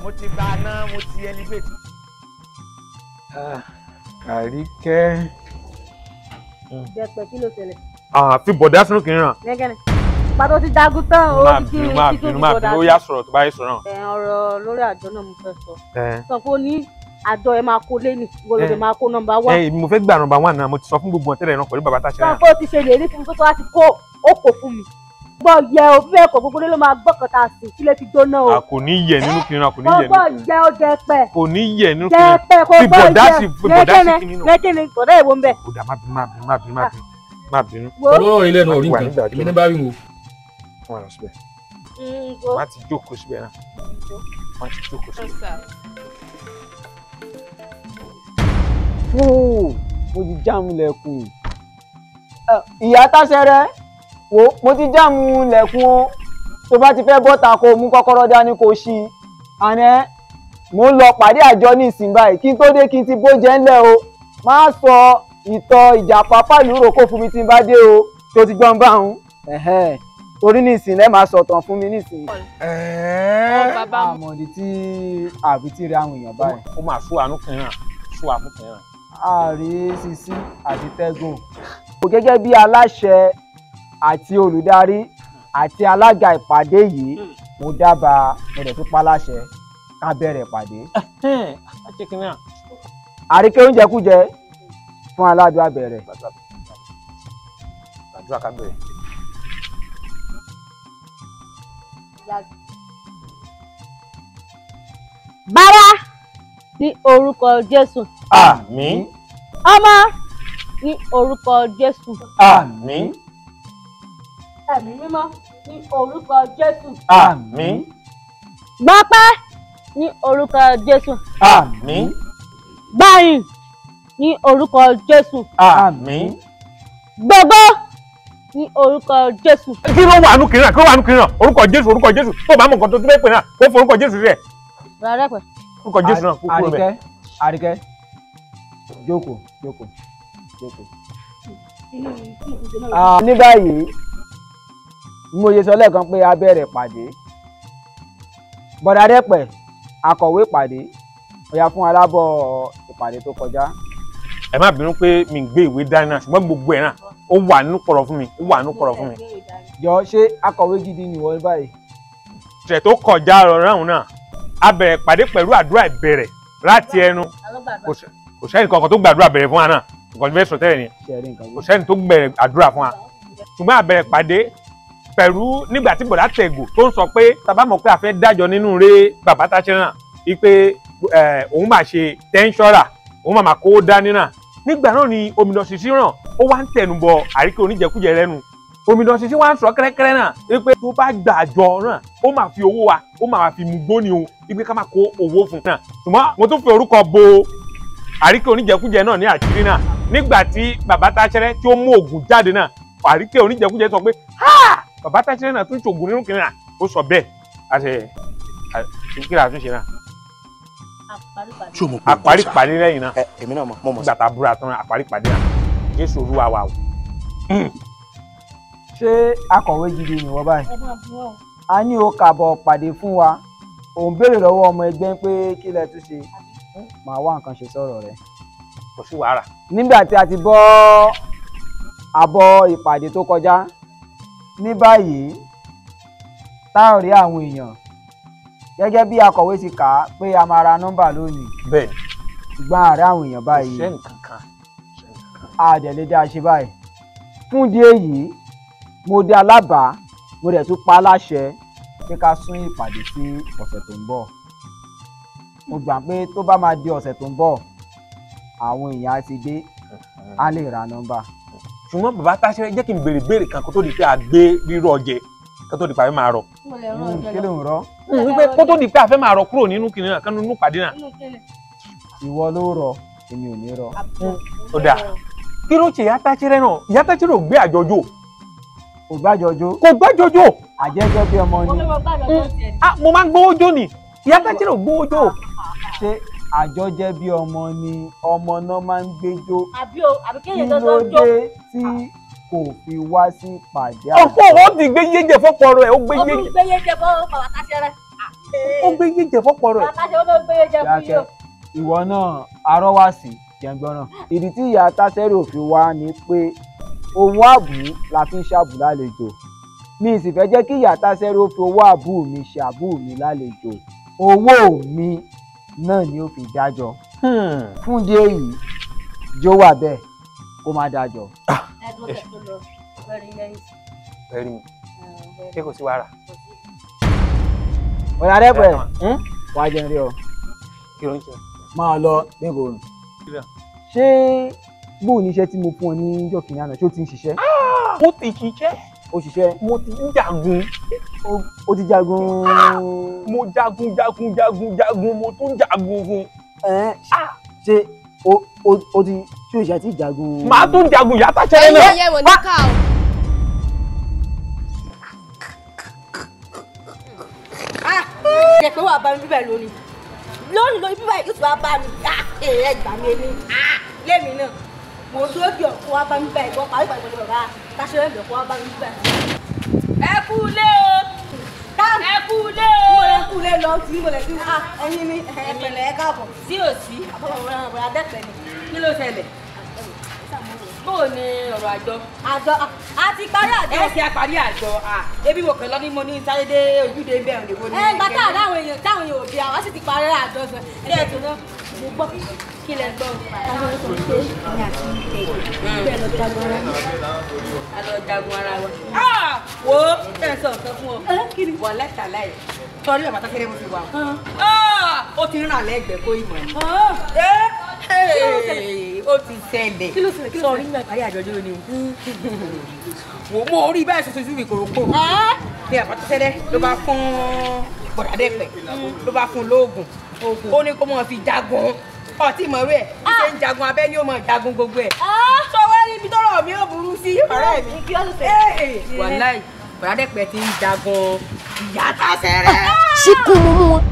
mo ti gba aná mo ti elevate. Ah, Àríkẹ́. Dẹ̀pẹ̀ kí ló ṣẹlẹ̀? Àfi bọ̀dá sínú kì í ràn. Gẹ́gẹ́ni. Pàtó ti jagun tán, ó ti kí ní kí tó ti bọ̀dá sí. Ó yá sọ̀rọ̀ tó bá yẹ sọ̀rọ̀. Ẹ ọ̀rọ̀ lórí àjọ náà mo fẹ́ sọ. Sọ pé ó ní àjọ ẹ máa kó lẹ́nì gbọ́dọ̀ ẹ máa kó nọmba wá. Ẹ mo fẹ́ gba nọmba wá náà mo ti sọ fún gbogbo ọ̀tẹ́lẹ̀ náà pẹ̀lú bàbá tá a ṣe rà. Sọ pé ó ti ṣe lè rí fún mi tó tó láti kó ó kò fún mi gbọ́ yẹ o bí ẹ̀kọ́ gbogbo ló máa gbọ́ kọta sí kí lè fi gbóná o. a kò ní yẹ nínú kiri náà kò ní yẹ nínú kiri. gbọ́dọ̀ yẹ o dẹ́pẹ́. kò ní yẹ nínú kiri. dẹ́pẹ́ kò gbọ́dọ̀ yẹ lẹ́kẹ̀ni lẹ́kẹ̀ni bọ̀dá ìwọ ń bẹ. bọ̀dà má bínú má bínú má bínú má bínú má bínú. olóòrò ilé náà orí nǹkan èmi ní bá wí mm, wo. má ti jókòó síbẹ̀ náà má ti jókòó síbẹ̀. fóò wo mo ti jáàmù lẹ̀kùn o tó bá ti fẹ́ bọ́ta kó o mú kọ́kọ́rọ́ dání kó o ṣí i àná mo ń lọ pàdé àjọ ní ìsìn báyìí kí n tó dé kí n ti bójẹ́ ńlẹ̀ o má sọ ìtọ̀ ìjàpá pàlúrò kó fún mi tí n bá dé o tó ti gbọ́n bá òun torí ní ìsìn lẹ́ máa sọ̀tàn fún mi ní ìsìn. àmọ̀dé tí àbí tí rí àwọn èèyàn báyìí. ó máa sú àánú kan hàn sú àánú kan hàn. ààrẹ àti tẹ́gùn. gẹ́gẹ́ bí aláṣẹ àti olùdarí àti alága ìpàdé yìí hmm. mo dábàá mo dẹ̀ tún pa láṣẹ ká bẹ̀rẹ̀ ìpàdé. àríkẹ́ oúnjẹ kújẹ fún aládùn abẹ̀rẹ̀. àdúrà ká bẹ̀rẹ̀. bàbá ní orúkọ jésù. àmín. ọmọ ní orúkọ jésù. àmín. Ah, ẹ̀mí mímọ́ ní orúkọ jésù. àmín. gbọ́pẹ́ ní orúkọ jésù. àmín. gbàyìn ní orúkọ jésù. àmín. gbogbo ní orúkọ jésù. kí ló wà nùkìrì náà kí ló wà nùkìrì náà orúkọ jésù orúkọ jésù tó bá mọ nǹkan tó tún bẹ́ẹ̀ pè náà kó fọ orúkọ jésù rẹ̀. rárá pẹ̀. orúkọ jésù náà kó kúrò bẹ̀. àríkẹ́ àríkẹ́ jókòó jókòó jókòó. Ah, ní báyìí mo yẹ sọ lẹ́ẹ̀kan pé a bẹ̀rẹ̀ pàdé bọ̀dà dẹ́pẹ̀ akọ̀wé pàdé ọ̀yà fún alábọ̀ ìpàdé tó kọjá. ẹ má bínú pé mi ń gbé ìwé dání náà ṣùgbọ́n gbogbo ẹ̀ náà ó wà nínú kọ̀rọ̀ fún mi ó wà nínú kọ̀rọ̀ fún mi. jọ ṣé akọ̀wé gidi ni ìwọ báyìí. tẹ̀ tó kọjá ọ̀rọ̀ náà a bẹ̀rẹ̀ pàdé pẹ̀lú àdúrà ìbẹ̀rẹ̀ láti ẹnu kò sẹ́ni kankan tó gbàdúrà bẹ̀rẹ̀ fún wa náà ni kò sẹ́ni tó gbẹ̀rẹ̀ àdúrà fún wa ṣùgbọ́n a pàdé pẹ̀lú nígbà tí bọ̀dá tẹ̀gò tó ń sọ pé tàbá mọ̀ pé a fẹ́ dájọ́ nínú rẹ̀ bàbá Tashiran wípé òun máa ṣe tẹ́ńṣọ́rà òun máa kó dání náà nígbà náà ni Omidan Tashiran ó wá ń tẹnubọ àríkè oníjẹkújẹ rẹ nu Omidan Tashiran wá ń sọ kẹ́rẹ́kẹ́rẹ́ náà wípé tó bá gbà àjọ náà ó máa fi owó wa ó máa fi mú gbóni o wípé ká máa kó owó fún un náà ṣùgbọ́n mo tún fi orúkọ bo àríkè oníjẹkújẹ náà ní àṣírí náà nígbà tí bàbá Tashiran tí ó mú òògùn jáde náà àríkè oníjẹkújẹ sọ pé bàbá táṣílẹ̀ náà tó ń ṣògùn nínú kìnìún náà ó sọ bẹ́ẹ̀ àṣẹ ìkíra àtúnṣe náà. àparíparí lẹ́yìn náà èmi náà mọ̀ mọ̀ gbàtà búra tán àparíparí náà jésù olúwa wa o. ṣé akọ̀wé gidi ni wọ́n báyìí a ní o kàbọ̀ pàdé fún wa òun béèrè lọ́wọ́ ọmọ ẹgbẹ́ pé kí lẹ tún ṣe màá wá nǹkan ṣe sọ̀rọ̀ rẹ̀. kò sí wàhálà. nígbà tí a ti bọ́ àbọ̀ ìpàdé tó kọjá ní báyìí tá ò rí àwọn èèyàn gẹ́gẹ́ bí akọ̀wé ti kà á pé a máa ra nọ́mbà lónìí. bẹ́ẹ̀ ṣùgbọ́n àárẹ̀ àwọn èèyàn báyìí. ṣé nǹkan kan. àdẹ̀lé dá a ṣe báyìí. fún di èyí mo dé alábàá mo dẹ̀ tún pa á láṣẹ pé ká sún ìpàdé sí ọ̀sẹ̀ tó ń bọ̀. mo gbà pé tó bá máa di ọ̀sẹ̀ tó ń bọ̀ àwọn èèyàn á ti dé á lè ra nọ́mbà ṣùgbọ́n bàbá Táṣẹ́rẹ́ jẹ́ kí n béèrè béèrè kan kó tó di pé a gbé rírọ̀ jẹ kó tó di pé a fẹ́ máa rọ. Hmm, kí ló ń rọ. wípé kó tó di pé a fẹ́ máa rọ kúrò nínú kìnìún náà kánú nínú pàdé náà. ìwọ ló rọ èmi ò ní rọ. ó dáa kí ló ṣe ìyá Táṣẹ́rẹ́ náà ìyá Táṣẹ́rẹ́ ò gbé àjọjò. kò gbàjọjọ. kò gbàjọjọ. àjẹjọ bí ọmọ ni. Ah, mo máa ń gbówó jó ni ìyá Táṣẹ́rẹ́ ò gbówó jó. Ah, ah, àjọjẹ bí ọmọ ni ọmọ náà máa ń gbẹjọ kí ló dé tí kò fi wá sí pàdé àjọ. ọ̀pọ̀ ó ti gbé yéjẹ fọ́pọ̀rọ̀ ẹ̀ ó gbé yéjẹ. ó gbé yéjẹ fọ́pọ̀rọ̀ bàbá káṣẹ́rẹ́. ó gbé yéjẹ fọ́pọ̀rọ̀ ẹ̀. bàbá káṣẹ́rẹ́ ó gbé yéjẹ fún yíyọ. ìwọ náà arọ́wàsì jẹ̀ngbọ́nà ìdí tí ìyá táṣẹ́rẹ́ ò fi wá ni pé ohun àbù la fi ń ṣàbù lálejò mi sì fẹ́ jẹ́ kí ìyá táṣẹ́rẹ́ ó owó àbù mi ṣàbù mi lálejò owó mi náà ni ó fi dájọ́ hmm. fún ìdí èyí jó wà bẹ́ẹ̀ kó má dájọ́. bẹ́ẹ̀ni ah, ah, ṣé kò sí wàhálà. ọ̀yà rẹ́pẹ̀ wàá jẹun rí ọ. máa lọ níbo ṣé bóun ní iṣẹ́ tí mo fún ọ ní jọ́kìnrin àná ṣé ó ti ń ṣiṣẹ́. ó ah! ti ṣiṣẹ́ òṣìṣẹ́ mo ti ń jagun. o ti jagun. mo jagun jagun jagun jagun mo tún jagun fún. ṣe ah! o ti tí o ṣe àti jagun. màá tún jagun yàtọ̀ ṣẹlẹ̀ náà. ẹyẹ wò ní ká o. jẹ̀pẹ̀ ah! wà bá mi bíbẹ̀ lónìí lónìí lónìí bíbẹ̀ yóò tún wá bá mi ah! ẹ̀ẹ́dẹ̀gbàmí ẹni lẹ́mìí náà mo tún ó bí ọ̀kú wá bá mi bíbẹ̀ ìgbọ́ pàápàá ìgbàlódé bàbá káṣọ ẹ̀bẹ̀ kó wá bá ẹ kú lé o ẹ kú lé lọ tí mo lè fi wá ẹyin ní ẹ̀pẹ̀lẹ̀ ẹ káàbọ̀. sí ò sí àbọ̀wọ̀ adẹ́pẹ̀ ni kí ló ṣẹlẹ̀ bó ni ọ̀rọ̀ àjọ. àjọ a ti parí àjọ. ẹ ṣe àparí àjọ ebi wò kàn lọ ní mo ní sáré dé ojúde bẹ́ẹ̀ òdìbò ní. ẹ gbàtà àwọn èèyàn táwọn èèyàn ò bí àwọn sì ti parí àjọ sọ ẹ ẹ tó náà mo gbọ́ kí lẹ gbọ́ káwọn sọ pé ní àti ìtẹ̀ bẹ́ẹ̀ lọ jagun ara wa. a lọ jagun ara wa. Ah! wo bẹ́ẹ̀ sọ nǹkan fún ọ wà lẹ́tà láì torí ọ̀bàtà kéré mo ti wà ah. Ah! ó ti rìn àlẹ́ ẹgbẹ́ kó ni. ó ti ṣẹlẹ̀ sọrí nígbà parí àjọjọ́ ni o. mo rí báyìí tuntun bọ̀dà dẹ́pẹ̀ ló bá fún lóògùn ó ní kó mọ̀ fi jagun ọtí mọ̀rú ẹ̀ bí ṣe ń jagun abẹ́ ni ó mọ̀ jagun gbogbo ẹ̀ sọwọ́ ah! ah! níbi tọ́rọ̀ mi ò burú sí ọ̀rẹ́ mi wàláì bọ̀dà dẹ́pẹ̀ ti ń jagun ìyá tá a sẹ́rẹ̀. Ah! ṣíkùn mú wọn.